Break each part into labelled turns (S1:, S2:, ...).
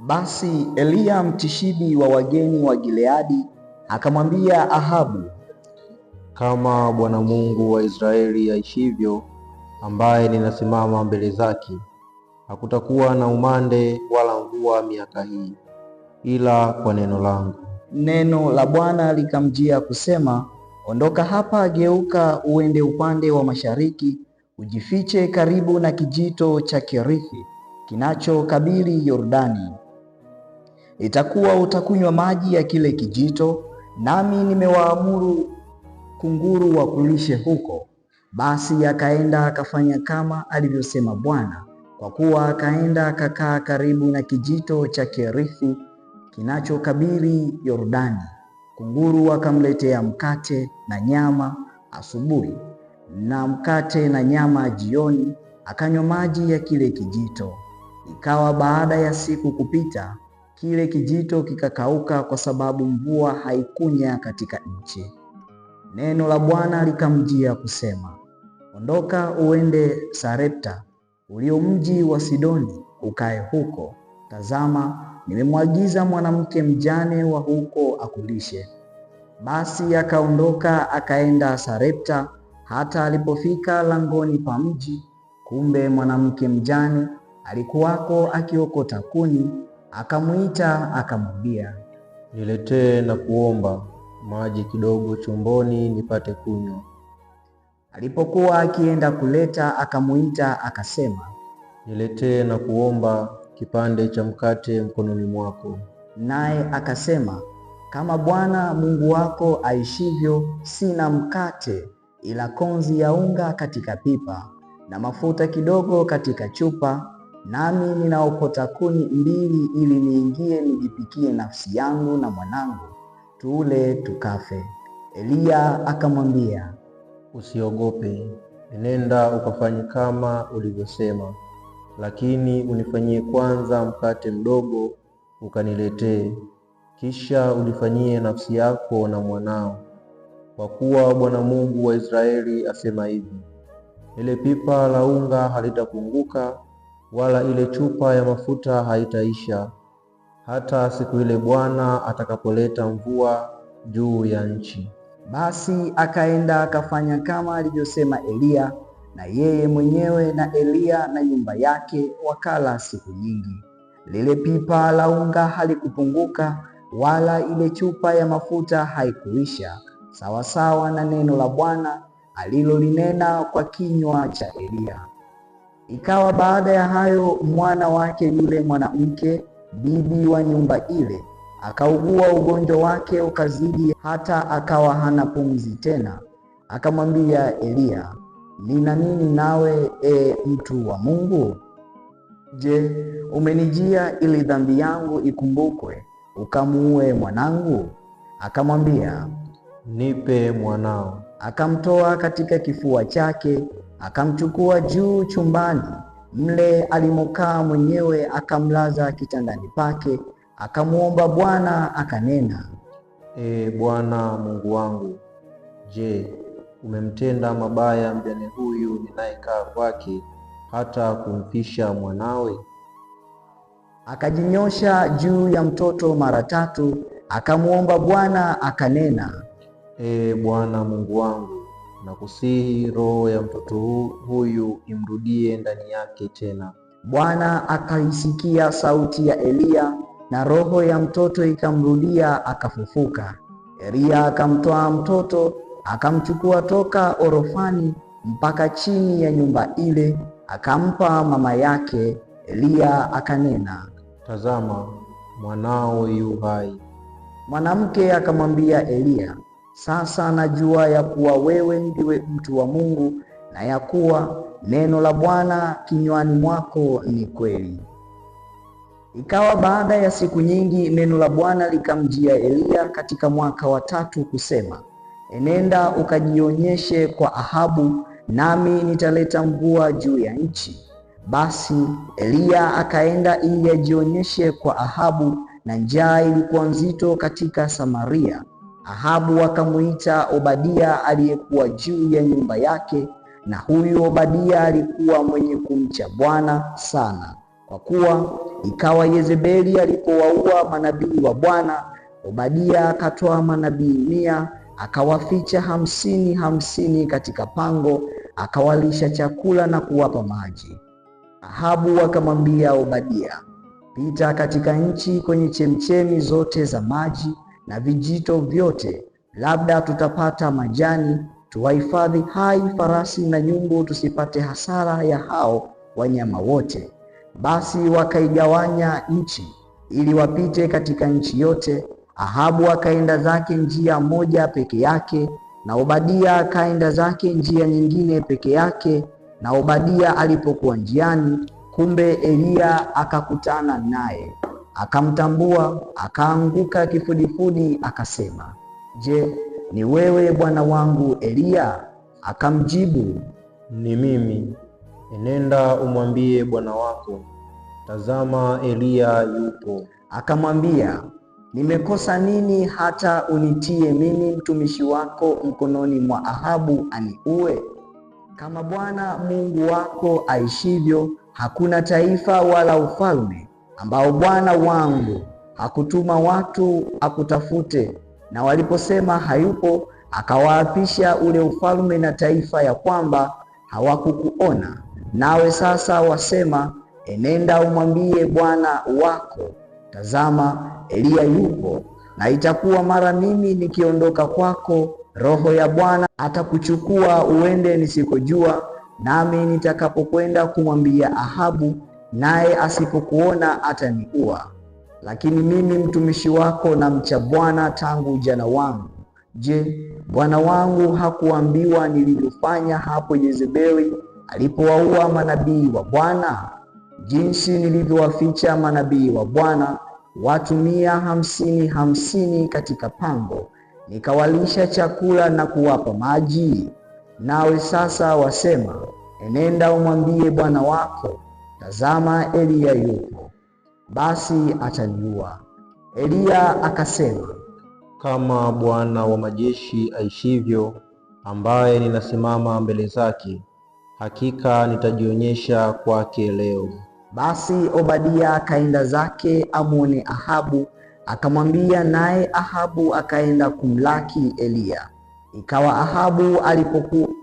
S1: Basi Eliya mtishibi wa wageni wa Gileadi akamwambia Ahabu, kama Bwana Mungu wa Israeli aishivyo, ambaye ninasimama mbele zake, hakutakuwa na umande wala mvua miaka hii ila kwa neno langu.
S2: Neno la Bwana likamjia kusema, ondoka hapa, geuka uende upande wa mashariki, ujifiche karibu na kijito cha Kerithi kinachokabili Yordani. Itakuwa utakunywa maji ya kile kijito, nami nimewaamuru kunguru wa kulishe huko. Basi akaenda akafanya kama alivyosema Bwana, kwa kuwa akaenda akakaa karibu na kijito cha Kerithi kinachokabiri Yordani. Kunguru akamletea mkate na nyama asubuhi na mkate na nyama jioni, akanywa maji ya kile kijito. Ikawa baada ya siku kupita, kile kijito kikakauka kwa sababu mvua haikunya katika nchi. Neno la Bwana likamjia kusema, ondoka uende Sarepta ulio mji wa Sidoni, ukae huko. Tazama, nimemwagiza mwanamke mjane wa huko akulishe. Basi akaondoka akaenda Sarepta. Hata alipofika langoni pa mji, kumbe mwanamke mjane alikuwako akiokota kuni. Akamwita akamwambia,
S1: niletee na kuomba maji kidogo chomboni nipate kunywa.
S2: Alipokuwa akienda kuleta, akamwita akasema,
S1: niletee na kuomba kipande cha mkate mkononi mwako.
S2: Naye akasema, kama Bwana Mungu wako aishivyo, sina mkate ila konzi ya unga katika pipa na mafuta kidogo katika chupa nami ninaokota kuni mbili ili niingie nijipikie nafsi yangu na mwanangu, tuule tukafe. Eliya akamwambia,
S1: usiogope, nenda ukafanye kama ulivyosema, lakini unifanyie kwanza mkate mdogo ukaniletee, kisha ulifanyie nafsi yako na mwanao, kwa kuwa Bwana Mungu wa Israeli asema hivi, ile pipa la unga halitapunguka wala ile chupa ya mafuta haitaisha hata siku ile Bwana atakapoleta mvua juu ya nchi.
S2: Basi akaenda akafanya kama alivyosema Eliya, na yeye mwenyewe na Eliya na nyumba yake wakala siku nyingi. Lile pipa la unga halikupunguka, wala ile chupa ya mafuta haikuisha, sawasawa na neno la Bwana alilolinena kwa kinywa cha Eliya. Ikawa baada ya hayo mwana wake yule mwanamke, bibi wa nyumba ile, akaugua, ugonjwa wake ukazidi hata akawa hana pumzi tena. Akamwambia Eliya, nina nini nawe, e mtu wa Mungu? Je, umenijia ili dhambi yangu ikumbukwe ukamuue mwanangu? Akamwambia,
S1: nipe mwanao.
S2: Akamtoa katika kifua chake akamchukua juu chumbani mle alimokaa mwenyewe, akamlaza kitandani pake, akamwomba Bwana akanena,
S1: E Bwana Mungu wangu, je, umemtenda mabaya mjane huyu ninayekaa kwake hata kumfisha mwanawe?
S2: Akajinyosha juu ya mtoto mara tatu, akamwomba Bwana akanena,
S1: E Bwana Mungu wangu Nakusihi roho ya mtoto huyu imrudie ndani yake tena.
S2: Bwana akaisikia sauti ya Eliya na roho ya mtoto ikamrudia akafufuka. Eliya akamtoa mtoto akamchukua toka orofani mpaka chini ya nyumba ile akampa mama yake. Eliya akanena,
S1: tazama mwanao yu hai.
S2: Mwanamke akamwambia Eliya, sasa najua ya kuwa wewe ndiwe mtu wa Mungu na ya kuwa neno la Bwana kinywani mwako ni kweli. Ikawa baada ya siku nyingi, neno la Bwana likamjia Eliya katika mwaka wa tatu kusema, enenda ukajionyeshe kwa Ahabu, nami nitaleta mvua juu ya nchi. Basi Eliya akaenda ili ajionyeshe kwa Ahabu, na njaa ilikuwa nzito katika Samaria. Ahabu akamwita Obadia aliyekuwa juu ya nyumba yake, na huyu Obadia alikuwa mwenye kumcha Bwana sana, kwa kuwa ikawa Yezebeli alipowaua manabii wa Bwana, Obadia akatoa manabii mia akawaficha hamsini hamsini katika pango, akawalisha chakula na kuwapa maji. Ahabu akamwambia Obadia, pita katika nchi kwenye chemchemi zote za maji na vijito vyote, labda tutapata majani, tuwahifadhi hai farasi na nyumbu, tusipate hasara ya hao wanyama wote. Basi wakaigawanya nchi ili wapite katika nchi yote. Ahabu akaenda zake njia moja peke yake, na Obadia akaenda zake njia nyingine peke yake. Na Obadia alipokuwa njiani, kumbe Eliya akakutana naye. Akamtambua, akaanguka kifudifudi, akasema, Je, ni wewe bwana wangu Eliya? Akamjibu,
S1: ni mimi. Enenda umwambie bwana wako, tazama Eliya yupo.
S2: Akamwambia, nimekosa nini hata unitie mimi mtumishi wako mkononi mwa Ahabu aniue? Kama Bwana Mungu wako aishivyo, hakuna taifa wala ufalme ambao Bwana wangu hakutuma watu akutafute, na waliposema hayupo, akawaapisha ule ufalme na taifa, ya kwamba hawakukuona nawe sasa wasema, enenda umwambie bwana wako, tazama Eliya yupo. Na itakuwa mara mimi nikiondoka kwako, roho ya Bwana atakuchukua uende nisikojua, nami nitakapokwenda kumwambia Ahabu naye asipokuona ataniua. Lakini mimi mtumishi wako na mcha Bwana tangu ujana wangu. Je, bwana wangu hakuambiwa nilivyofanya hapo Yezebeli alipowaua manabii wa Bwana, jinsi nilivyowaficha manabii wa Bwana watu mia hamsini hamsini katika pango, nikawalisha chakula na kuwapa maji? Nawe sasa wasema, enenda umwambie bwana wako Tazama, Eliya yupo, basi ataniua. Eliya akasema,
S1: kama Bwana wa majeshi aishivyo, ambaye ninasimama mbele zake, hakika nitajionyesha kwake leo.
S2: Basi Obadia akaenda zake amwone Ahabu, akamwambia, naye Ahabu akaenda kumlaki Eliya. Ikawa Ahabu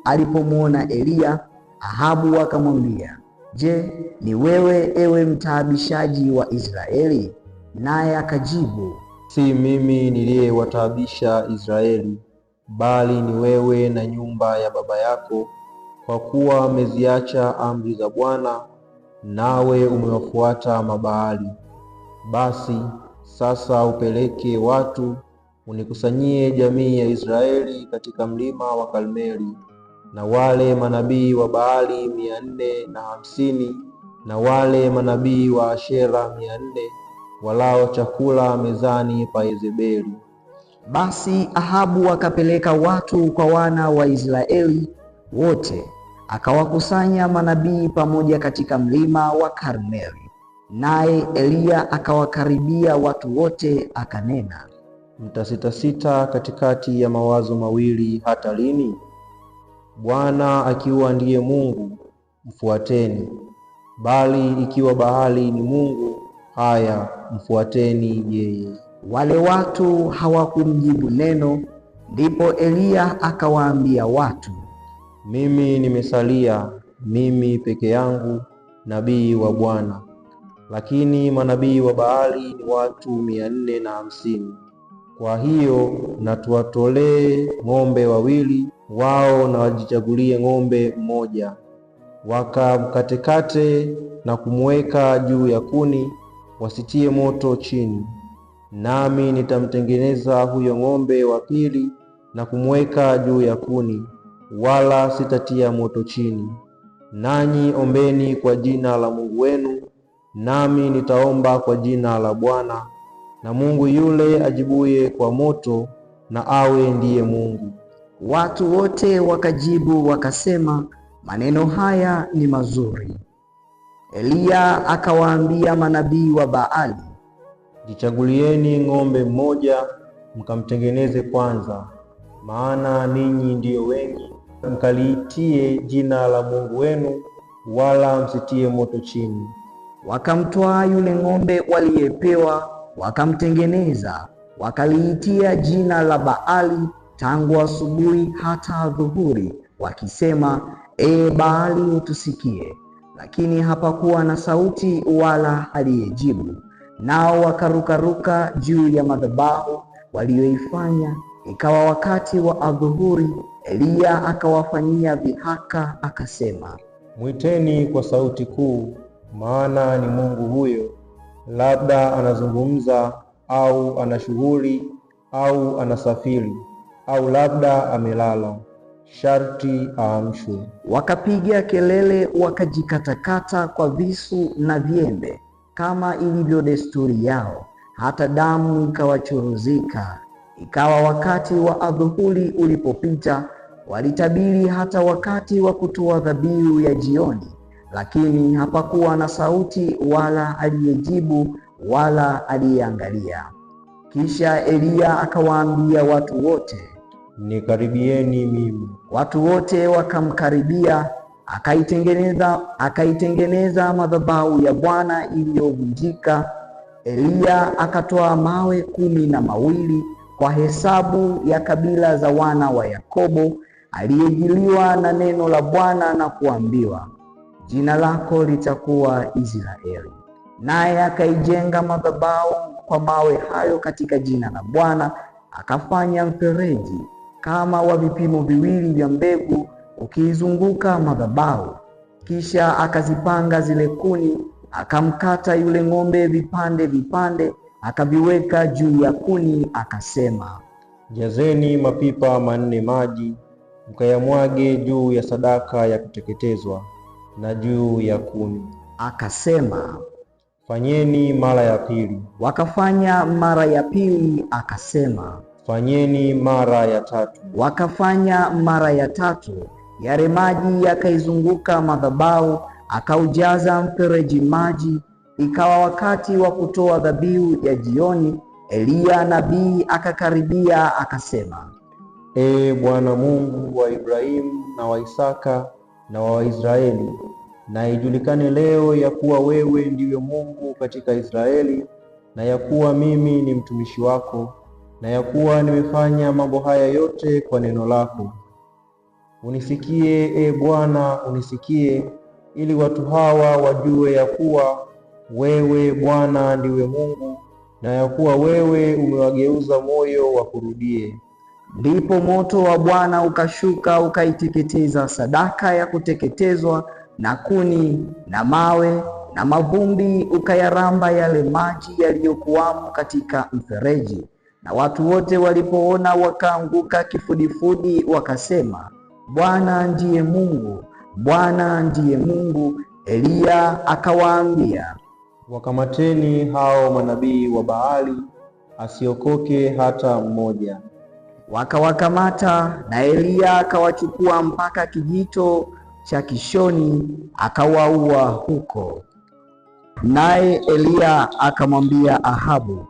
S2: alipomwona Eliya, Ahabu akamwambia Je, ni wewe ewe mtaabishaji wa Israeli? Naye akajibu,
S1: si mimi niliyewataabisha Israeli, bali ni wewe na nyumba ya baba yako, kwa kuwa mmeziacha amri za Bwana nawe umewafuata Mabaali. Basi sasa upeleke watu unikusanyie jamii ya Israeli katika mlima wa Karmeli na wale manabii wa Baali mia nne na hamsini na wale manabii wa Ashera mia nne walao chakula mezani pa Yezebeli.
S2: Basi Ahabu akapeleka watu kwa wana wa Israeli wote, akawakusanya manabii pamoja katika mlima wa Karmeli. Naye Eliya akawakaribia watu wote, akanena,
S1: mtasitasita katikati ya mawazo mawili hata lini? Bwana akiwa ndiye Mungu mfuateni, bali ikiwa Baali ni mungu, haya mfuateni yeye.
S2: Wale watu hawakumjibu neno. Ndipo Eliya akawaambia watu,
S1: mimi nimesalia mimi peke yangu nabii wa Bwana, lakini manabii wa Baali ni watu mia nne na hamsini. Kwa hiyo na tuwatolee ng'ombe wawili wao na wajichagulie ng'ombe mmoja, wakamkatekate na kumweka juu ya kuni, wasitie moto chini. Nami nitamtengeneza huyo ng'ombe wa pili na kumweka juu ya kuni, wala sitatia moto chini. Nanyi ombeni kwa jina la Mungu wenu, nami nitaomba kwa jina la Bwana. Na Mungu yule ajibuye kwa moto, na awe ndiye Mungu.
S2: Watu wote wakajibu wakasema, maneno haya ni mazuri. Eliya akawaambia manabii wa Baali,
S1: jichagulieni ng'ombe mmoja mkamtengeneze kwanza, maana ninyi ndiyo wengi, mkaliitie jina la Mungu wenu, wala msitie moto chini.
S2: Wakamtwaa yule ng'ombe waliyepewa, wakamtengeneza, wakaliitia jina la Baali tangu asubuhi hata dhuhuri, wakisema Ee Baali, utusikie. Lakini hapakuwa na sauti wala aliyejibu. Nao wakarukaruka juu ya madhabahu walioifanya. Ikawa wakati wa adhuhuri, Eliya akawafanyia dhihaka, akasema,
S1: mwiteni kwa sauti kuu, maana ni Mungu huyo, labda anazungumza au ana shughuli au anasafiri au labda amelala, sharti aamshwe.
S2: Wakapiga kelele, wakajikatakata kwa visu na vyembe kama ilivyo desturi yao, hata damu ikawachuruzika. Ikawa wakati wa adhuhuri ulipopita, walitabiri hata wakati wa kutoa dhabihu ya jioni, lakini hapakuwa na sauti wala aliyejibu wala aliyeangalia. Kisha Eliya akawaambia watu wote,
S1: nikaribieni mimi.
S2: Watu wote wakamkaribia, akaitengeneza akaitengeneza madhabahu ya Bwana iliyovunjika. Eliya akatoa mawe kumi na mawili kwa hesabu ya kabila za wana wa Yakobo, aliyejiliwa na neno la Bwana na kuambiwa, jina lako litakuwa Israeli. Naye akaijenga madhabahu kwa mawe hayo katika jina la Bwana, akafanya mfereji kama wa vipimo viwili vya mbegu ukiizunguka madhabahu, kisha akazipanga zile kuni, akamkata yule ng'ombe vipande vipande, akaviweka juu ya kuni, akasema,
S1: jazeni mapipa manne maji, mkayamwage juu ya sadaka ya kuteketezwa na juu ya kuni.
S2: Akasema,
S1: fanyeni mara ya pili.
S2: Wakafanya mara ya pili, akasema
S1: fanyeni mara ya tatu.
S2: Wakafanya mara ya tatu, yale maji yakaizunguka madhabahu, akaujaza mfereji maji. Ikawa wakati wa kutoa dhabihu ya jioni, Eliya nabii akakaribia, akasema,
S1: Ee Bwana Mungu wa Ibrahimu na wa Isaka na wa Israeli, na ijulikane leo ya kuwa wewe ndiwe Mungu katika Israeli, na ya kuwa mimi ni mtumishi wako na ya kuwa nimefanya mambo haya yote kwa neno lako. Unisikie e Bwana, unisikie ili watu hawa wajue ya kuwa wewe Bwana ndiwe Mungu na ya kuwa wewe umewageuza moyo wa kurudie
S2: Ndipo moto wa Bwana ukashuka ukaiteketeza sadaka ya kuteketezwa na kuni na mawe na mavumbi, ukayaramba yale maji yaliyokuwamo katika mfereji. Na watu wote walipoona wakaanguka kifudifudi, wakasema, Bwana ndiye Mungu, Bwana ndiye Mungu. Eliya akawaambia,
S1: wakamateni hao manabii wa Baali, asiokoke hata mmoja.
S2: Wakawakamata na Eliya akawachukua mpaka kijito cha Kishoni, akawaua huko. Naye Eliya akamwambia Ahabu,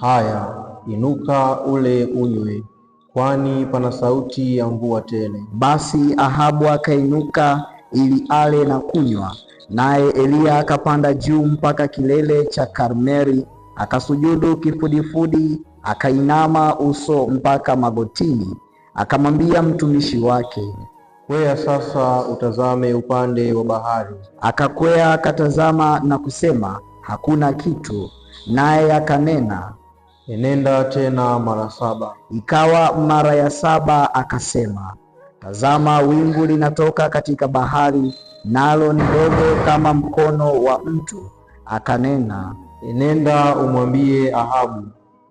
S1: haya inuka, ule unywe, kwani pana sauti ya mvua tele.
S2: Basi Ahabu akainuka ili ale na kunywa, naye Eliya akapanda juu mpaka kilele cha Karmeli, akasujudu kifudifudi, akainama uso mpaka magotini. Akamwambia mtumishi wake,
S1: kwea sasa utazame upande wa bahari.
S2: Akakwea akatazama na kusema, hakuna kitu. Naye akanena
S1: Enenda tena mara saba.
S2: Ikawa mara ya saba akasema, tazama, wingu linatoka katika bahari, nalo ni dogo kama mkono wa mtu. Akanena,
S1: enenda umwambie Ahabu,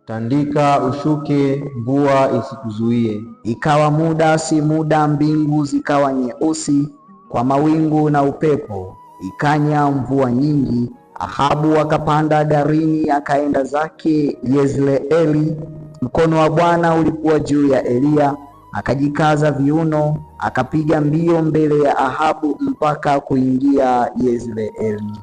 S1: tandika ushuke, mvua isikuzuie.
S2: Ikawa muda si muda, mbingu zikawa nyeusi kwa mawingu na upepo, ikanya mvua nyingi Ahabu akapanda darini akaenda zake Yezreeli. Mkono wa Bwana ulikuwa juu ya Eliya, akajikaza viuno, akapiga mbio mbele ya Ahabu mpaka kuingia Yezreeli.